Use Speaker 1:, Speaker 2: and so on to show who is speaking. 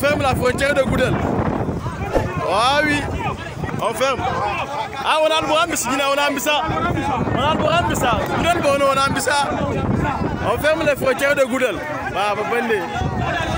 Speaker 1: On ferme la frontière de Goudel. Ah oui,
Speaker 2: on ferme. Ah, on a le Borambissa, on a Ambissa. On a le Borambissa. Goudel, on a le Ambissa. On ferme la frontière de Goudel. Bah, vous prenez.